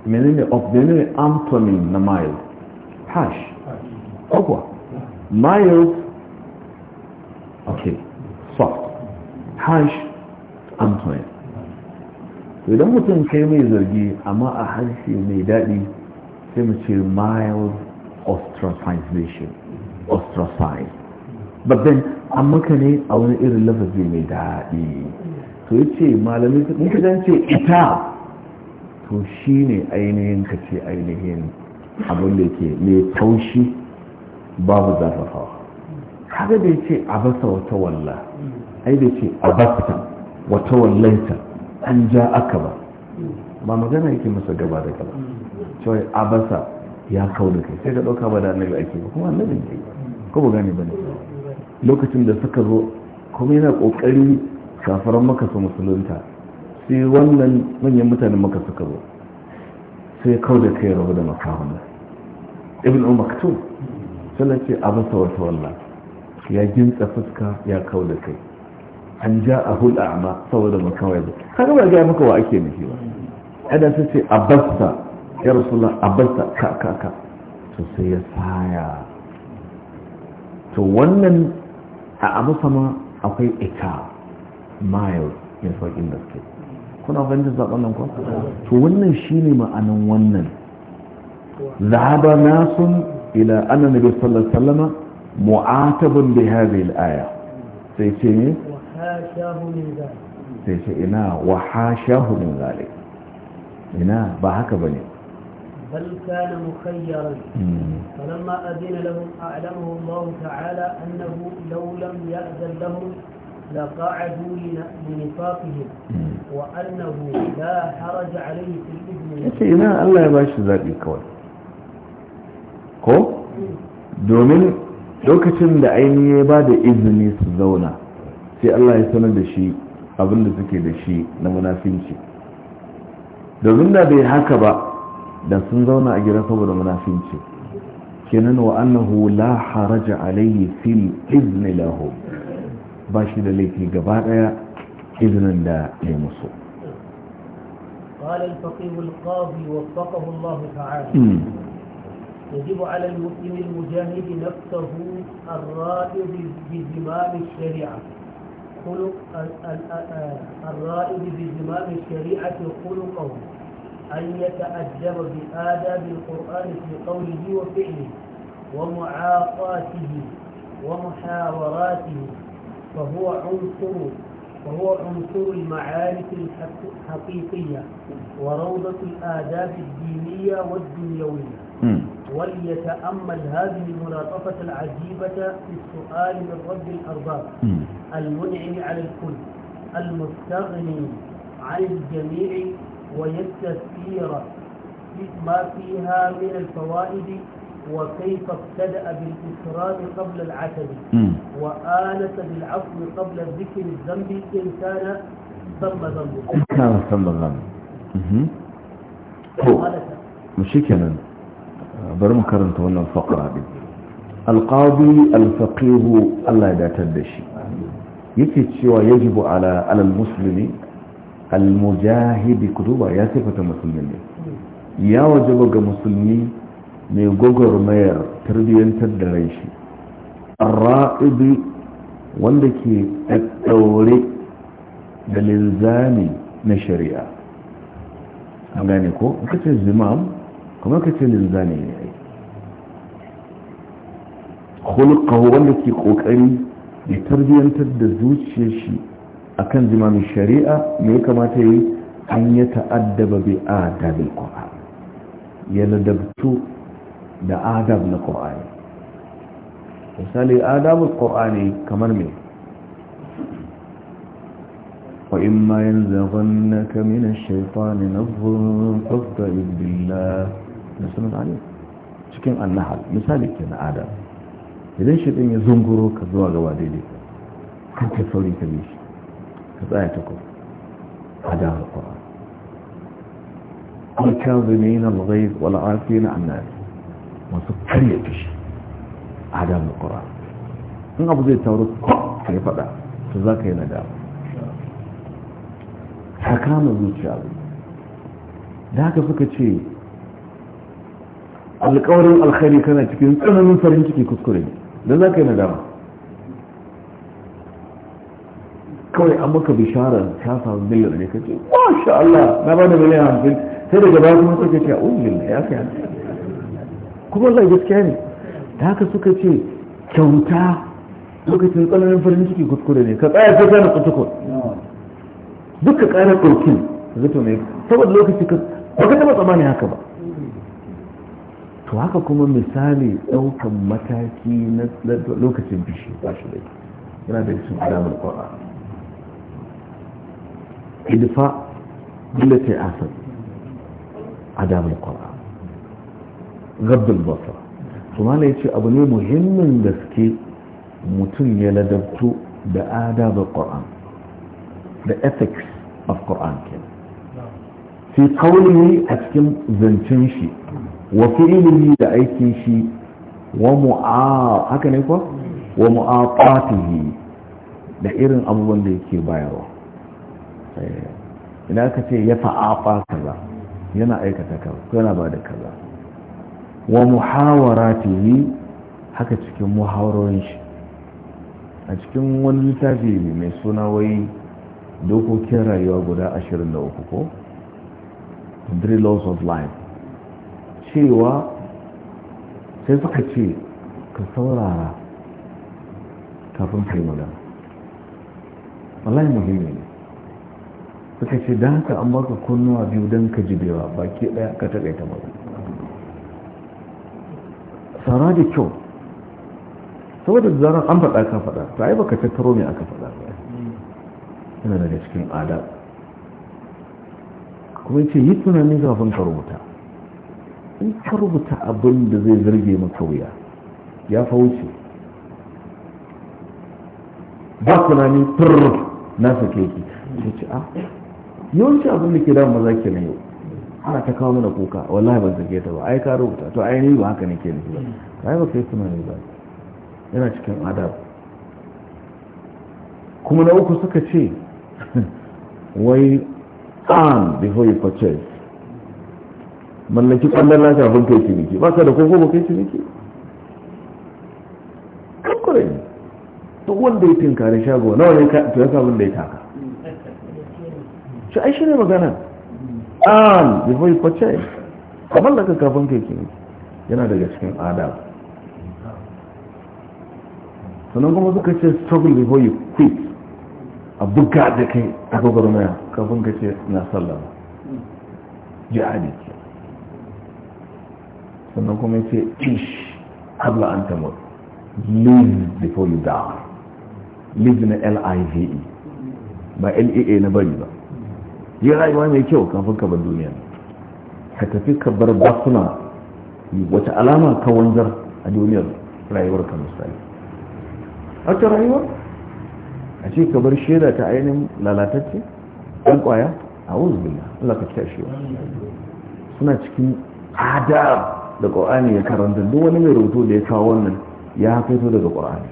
menene of menene antonin na miles hash kuwa mild okay soft hash to idan mutum kai mai zargi amma a harshe mai daɗi sai mu ce mild ostracization ostracized but then an maka ne a wani irin lafazi mai daɗi to ya ce malami in ka ce ita to shi ne ainihin ka ce ainihin abin da ke mai taushi babu zafafawa kaga da ce a basa wata walla ai da ce a basta wata wallaita an ja aka ba ba magana yake masa gaba da gaba cewa a basa ya kau da kai sai ka ɗauka ba da annabi ake ba kuma annabi ne ko ba gane ba ne lokacin da suka zo kuma yana ƙoƙarin kafaran maka su musulunta sai wannan manyan mutanen maka suka zo sai kawo da kai rabu da makamunan ibn umaktum sannan ce a masa wata walla ya jinta fuska ya kawo da kai an ja a hulɗa amma saboda ya ba kaga ba ga maka wa ake nufi ba ana sai ce a basta ya rasulullah a basta ka ka ka to sai ya saya to wannan a abu sama akwai ita mile ya sauƙin suke kuna fahimtar zaɓen nan ko to wannan shine ma'anan wannan zahaba sun ila anna nabi sallar alaihi wasallam mu'atabun bi hadhihi aya sai ce ne sai ce ina wa hashahu min zalik ina ba haka bane بل كان مخيرا فلما أذن لهم أعلمه الله تعالى أنه لو لم يأذن لهم لقعدوا لنفاقهم وأنه لا حرج عليه في الإذن الله الكوان ko domin lokacin da ainihi ya ba da izini su zauna sai Allah ya sanar da shi abinda suke da shi na munafinci domin da bai haka ba da sun zauna a gida saboda munafinci kenan wa annahu la haraja alayhi fil izni lahu ba shi da laifi gaba daya izinin da ya musu قال الفقيه القاضي وفقه الله تعالى يجب على المسلم المجاهد نفسه الرائد بزمام الشريعة خلق الرائد بزمام الشريعة خلقه أن يتأدب بآداب القرآن في قوله وفعله ومعاطاته ومحاوراته فهو عنصر فهو عنصر المعارف الحقيقية وروضة الآداب الدينية والدنيوية وليتأمل هذه الملاطفة العجيبة في السؤال من رب الأرباب المنعم على الكل المستغني عن الجميع ويستثير ما فيها من الفوائد وكيف ابتدأ بالإكرام قبل العتب وآنس بالعفو قبل ذكر الذنب إن كان ثم ذنب كان ثم ذنب مشكلا bari mu wannan faƙa ɗin alƙadi alfaƙihu allah ya datar da shi yake cewa yajibu ala alal musulmi almujahidi kuduba ya sifata musulmi ne ya wajaba ga musulmi mai gwagwarmayar tarbiyyantar da rai shi ra'ibi wanda ke ɗaure da linzami na shari'a an gane ko ka ce zimam kuma ce linzami ne ai khulqahu wanda ke ƙoƙari ya tarbiyyantar da zuciyar shi akan zimamin shari'a mai ya kamata yi an yi ta'addaba bi adabil qur'an ya ladabtu da adab na ƙur'ani misali adabul ƙur'ani kamar mai وإما ينزغنك من الشيطان نظر فاستعذ بالله نسمع عليه cikin annahal misali ke na adab idan shi din ya zunguro ka zuwa gaba daidai kan ka sauri ka bishi ka tsaya ta kuma adam al-qur'an al-kazimin al wal 'afina 'an masu karya fushi adam da ƙura in abu zai taru ka yi faɗa to za ka yi na dama ta kama zuciya da haka suka ce alkawarin alkhairi kana cikin tsananin farin ciki kuskure ne don za ka yi na dama kawai an maka bishara ta samu miliyan ne ka ce masha Allah na ba da miliyan hamsin sai daga baya kuma suka ce a da ya kai kuma Allah gaskiya ne da haka suka ce kyauta lokacin tsananin farin ciki kuskure ne ka tsaya ka gane kutukun duka ka ƙara ɗaukin zato ne saboda lokaci ka ba ka taɓa tsamani haka ba to haka kuma misali ɗaukan mataki na lokacin bishi ba shi da yana da cikin alamar ƙwara idfa asar a adamul qur'an gabdul basar su mala ya ce abu ne muhimmin gaske mutum ya ladabto da adabar ƙoran da ethics of ƙoran ke fi kauli a cikin zancen shi wa ilimi da aikin shi wa mu'a haka ne kuwa wa mu'aqatihi da irin abubuwan da yake bayarwa eh, ina ka ce ya fa'afa kaza yana aikata kaza yana ba da kaza wa muhawaratihi haka cikin muhawarorin shi a cikin wani littafi mai suna wai dokokin rayuwa guda 23 ko three laws of life cewa sai suka ce ka saurara kafin kai magana wallahi muhimmi ne suka ce don haka an baka kunnuwa biyu don ka jibewa baki daya ka taɗaita magana da kyau saboda zaran an faɗa kan faɗa ta yi baka tattaro mai aka faɗa ba yana daga cikin ada kuma yace yi tunanin kafin ka rubuta in ka rubuta abin da zai zarge maka wuya ya fa wuce ba tunani turr na sake ki ce ce a ah, yawanci abin da ke damu maza na yau ana ta kawo mana kuka wallahi ban zage ta ba ai ka rubuta to ai ni ba haka nake nufi ba ai ba kai kuma ne ba yana cikin adab kuma na uku suka ce wai an before you purchase mallaki kwallon na kafin kai ciniki ba ka da koko ba kai ciniki kakure ne duk wanda ya tinkari shago nawa ne ka to ya da ya taka shi ai shi ne magana an before you purchase ka mallaka kafin kai yana daga cikin adab sannan kuma suka ce struggle before you quit a buga da kai a gwagwarmaya kafin ka ce na sallama jihadi sannan kuma ya ce ish habla an tamar live before you die live na e ba l-e-a na bari ba yi rayuwa mai kyau kafin ka bar duniya ka tafi ka bar bakuna wata alama ka wanzar a duniyar rayuwar ka misali a rayuwa a ce ka bar shaida ta ainihin lalatacce ɗan ƙwaya a wuzbilla Allah ka kyashe suna cikin adab da ƙwa'ani ya karanta duk wani mai rubutu da ya kawo wannan ya haifar daga ƙwa'ani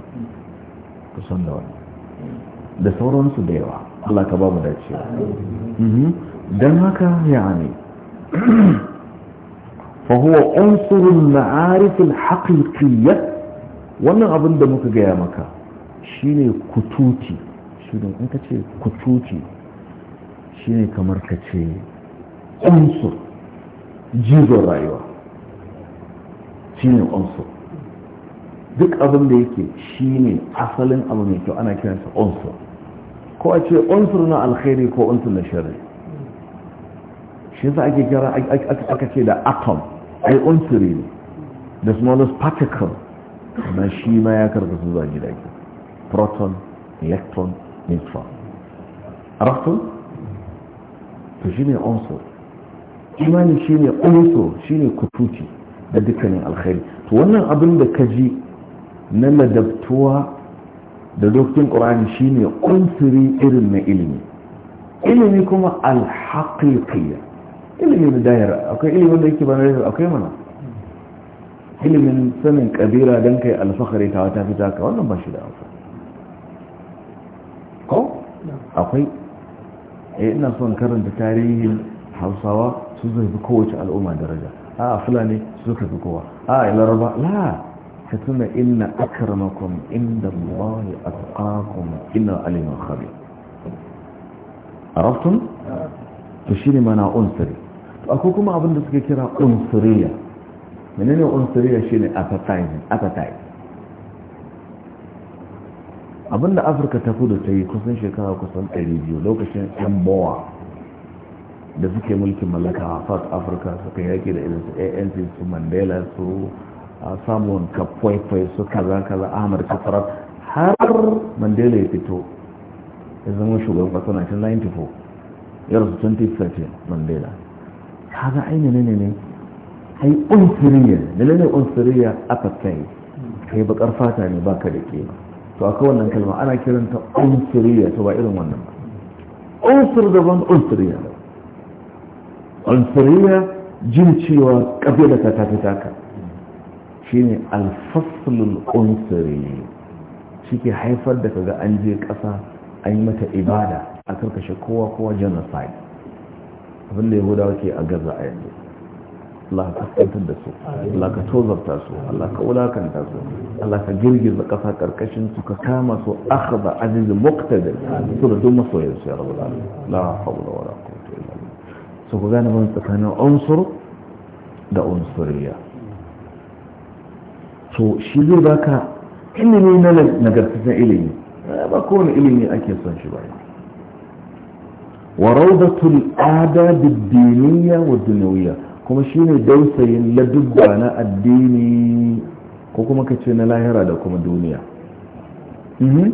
da sauransu da yawa Allah ka ba mu dace mhm. don haka ya ne fahuwa unsurun ma'arifin haƙiƙiyya wannan abin da muka gaya maka shine kututi shine in ka ce kututi shine kamar ka ce unsur jizon rayuwa shine unsur duk abin da yake shine asalin abu mai kyau ana kiransa unsur ko a ce unsur na alkhairi ko unsur na shirin shi yasa ake kira aka ce da atom ai unsuri ne the smallest particle na shi ma ya su zuwa gida ke proton electron neutron rafton to shi ne unsur imani shi ne unsur shi ne kututi da dukkanin alkhairi to wannan abin da ka ji na ladabtuwa da dokin ƙur'ani ne kunsiri irin na ilimi ilimi kuma alhaƙiƙiya ilimi na dayar akwai ilimi da yake ba na akwai mana ilimin sanin ƙabira don kai alfahari ta wata fita ka wannan ba shi da amfa ko akwai eh ina son karanta tarihin hausawa su zai fi kowace al'umma daraja a fulani su ka fi kowa a laraba la ka tuna inna akramakum inda Allah atqakum inna alimun khabir arabtum to shine mana unsuri to akwai abin da suke kira unsuriya menene unsuriya shine appetizing appetite abin da afirka ta kudu ta yi kusan shekara kusan biyu lokacin yan da suke mulkin mallaka a south africa suka yaki da irin su anc su mandela su A samun ka kwaikwai su kaza kaza ahmad kafarar har mandela ya fito ya zama shugaban kasa 1994 yar su 2013 mandela kaga aini ne ne ne ai unsiriya da lalle unsiriya aka kai kai bakar fata ne baka da kima to akwai wannan kalma ana kiran kiranta unsiriya to ba irin wannan ba unsur daban unsiriya unsiriya jin cewa kabilarka ta tafi taka shine alfaslul unsuri shike haifar da kaga an je ƙasa an yi mata ibada a karkashin kowa kowa genocide abin da yahudawa ke a gaza a yanzu Allah ka kaskantar da su Allah ka tozarta su Allah ka wulakanta su Allah ka girgiza ƙasa karkashin su ka kama su akhadha azizul muqtadir su da duk masoyan su ya rabu da la hawla wala quwwata illa billah so ku gane ban tsakanin unsur da unsuriyya to shi zai baka ilimi na nagartattun ilimi eh, ba kowane ilimi ake son shi ba wa raudatul ada biddiniya wa dunawiya kuma shi ne dausayin ladubba na addini ko kuma ka na lahira da kuma duniya mhm.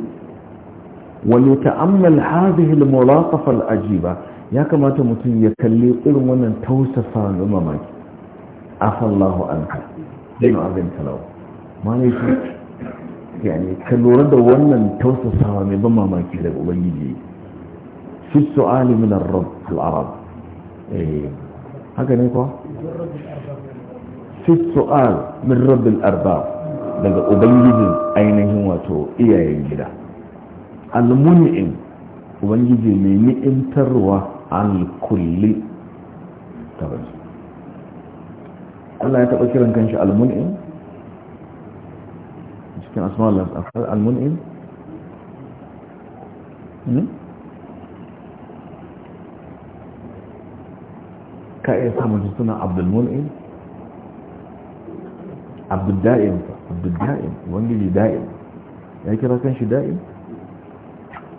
wani ta'ammal hazihi aji ba, ya kamata mutum ya kalli irin wannan tausasa ga mamaki afallahu anka dinu abin talawa malai shi yani ka lura da wannan tausasawa mai ban mamaki daga ubangiji fi su'ali min ar-rabb al-arab eh haka ne ko fi su'al min rabb al-arbab daga ubangijin ainihin wato iyayen gida al-mun'im ubangiji mai ni'imtarwa al-kulli tabbas Allah ya taɓa kiran kanshi al-mun'im cikin asma Allah akwai almun'in hmm? ka iya samun shi suna abdulmun'in abdulda'im abdulda'im wangiji da'im ya kira kan shi da'im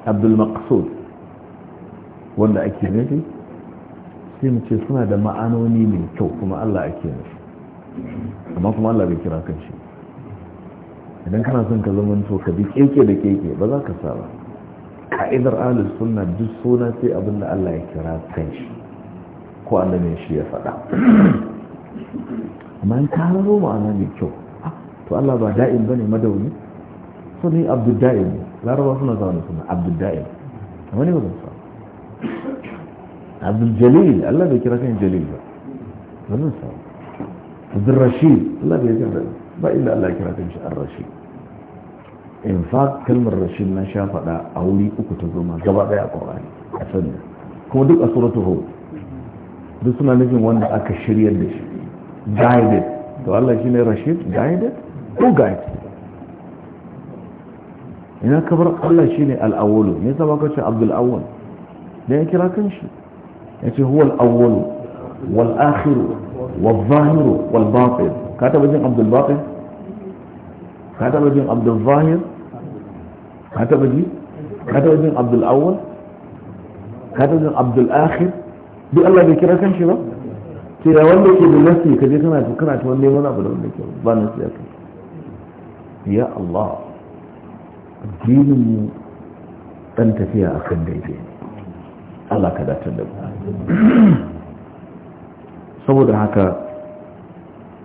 abdulmaqsud wanda ake nufi sai mu ce suna da ma'anoni mai kyau kuma Allah ake nufi amma kuma Allah bai kira kan shi idan kana son ka zama to ka bi keke da keke ba za ka sa ba ka'idar alis suna duk suna sai abin da Allah ya kira kan shi ko annabin shi ya faɗa amma in ka raro ma'ana mai kyau ah, to Allah ba da'in bane madauni so ne abdul da'in laraba suna zaune suna abdul da'in amma ne ba zan sa abdul jalil Allah bai kira kan jalil ba ba zan sa abdul rashid Allah bai kira ba illa Allah kira kan shi ar-rashid in fact kalmar rashid na sha fada a wuri uku ta zoma gaba daya a a sani kuma duk a suratu hau duk suna nufin wanda aka shirya da shi guided to Allah shi ne rashid guided ko guide ina kabar Allah shi ne al'awwalu ne saba baka ce abdul awwal da ya kira kan shi ya ce huwa al'awwalu wal akhiru wal zahiru wal batin ka taba jin abdul batin ka taba jin abdul zahir كتب دي كتب دي عبد الاول كتب دي عبد الاخر دي الله بكره كان شي بقى تي لو انت كده بس كده كان كان تقول لي وانا بقول لك بان يا الله الدين انت فيها اخر دي الله كده تندم saboda haka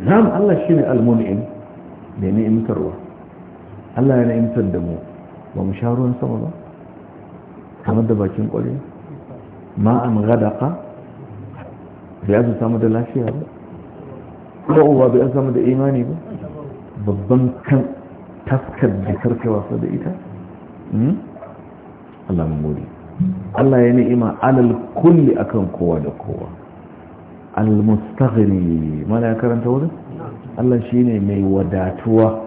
nam Allah shine al-mu'min da ni'imtarwa Allah ya ni'imtar ba mu sha ruwan sama ba kamar da bakin Ma an ma'an ka? bai azu samu da lafiya ba kuma uwa bai azu samu da imani ba babban kan taskar da karfe wasa da ita hmm? Allah mu gode Allah ya ni'ima alal kulli akan kowa da kowa al mustaghni mana ya karanta wurin Allah shine mai wadatuwa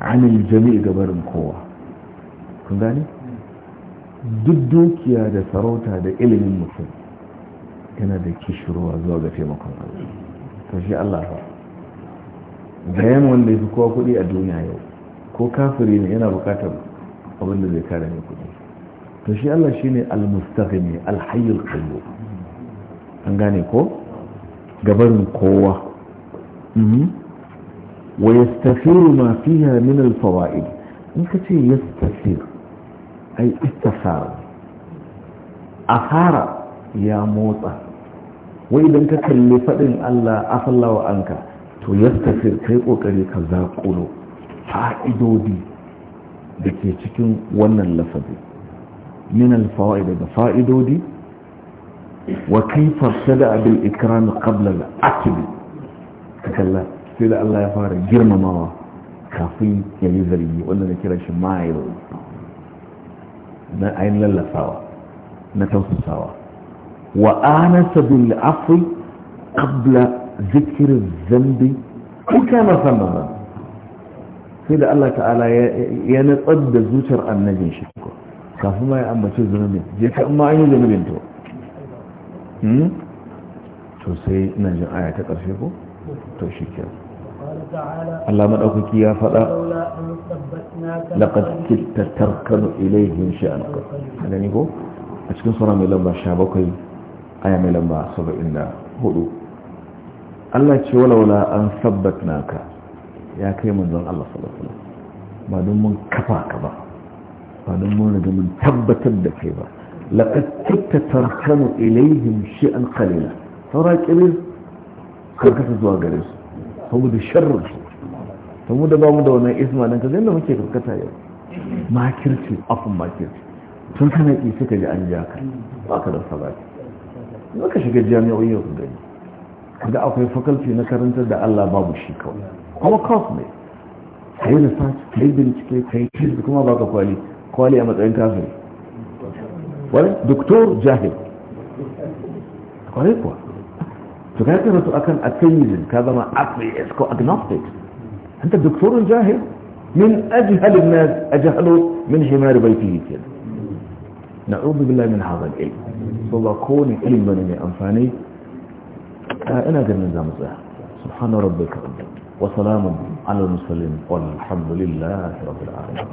anil jami'i gabarin kowa kun gane duk dukiya da sarauta da ilimin mutum yana da kishirwa zuwa ga taimakon Allah to shi Allah ba ga yan wanda ya fi kowa kuɗi a duniya yau ko kafiri ne yana bukatar abin da zai kare mai kuɗi to shi Allah shi ne al-mustaghni al-hayyul qayyum an gane ko gabarin kowa mhm. wa yastafiru ma fiha min al-fawaid in kace yastafir ai istasara fara ya motsa wai idan ka kalli faɗin Allah afallawa anka to tafi kai ƙoƙari ka zaƙulo fa'idodi da ke cikin wannan lafazi min alfawaid da fa'idodi wa kaifa tada bil ikram qabla al akli kalla sai da Allah ya fara girmamawa kafin ya yi zargi wannan da kira shi ma'ayar na ainihin lallasawa na tausasawa wa anasa bil afwi qabla zikirin zambi in kana san ba sai da Allah ta'ala ya natsar da zuciyar annabin shi ko kafin ma ya ambace zunubin je ka ma an yi zunubin to hmm? to sai ina jin aya ta ƙarshe ko to shi kenan Allah maɗaukaki ya faɗa laƙad kilta tarkanu ilayhim sha'an ka gani ko a cikin sura mai lamba sha bakwai aya mai lamba da hudu. Allah ce wala wala an sabbatna ka ya kai manzon Allah sallallahu alaihi ba don mun kafa ka ba ba don mun riga mun tabbatar da kai ba laqad kunta tarkanu ilayhim shay'an qalila saura kiris karkata zuwa gare su saboda sharrin su to mu da bamu da wannan isma dan ka zanda muke karkata yau makirci afin makirci tun kana ki suka ji an ja ka ba ka da sabaki ba ka shiga jami'o'i yau gani kada akwai faculty na karantar da Allah babu shi kawai kuma kawai course Ka yi da ka yi bincike ka yi kiz kuma ba ka kwali kwali a matsayin kafin. wani doktor jahil kwarai kuwa to ka yi su akan atheism ka zama atheist ko agnostic أنت دكتور جاهل من أجهل الناس أجهله من حمار بيته كده نعوذ بالله من هذا العلم صدقوني علم بني أنفاني أنا ذا من ذا سبحان ربك وسلام على المسلم والحمد لله رب العالمين